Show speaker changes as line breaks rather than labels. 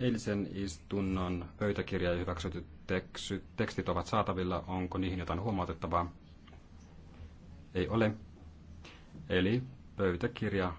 Eilisen istunnon pöytäkirja ja hyväksytyt tekstit ovat saatavilla. Onko niihin jotain huomautettavaa? Ei ole. Eli pöytäkirja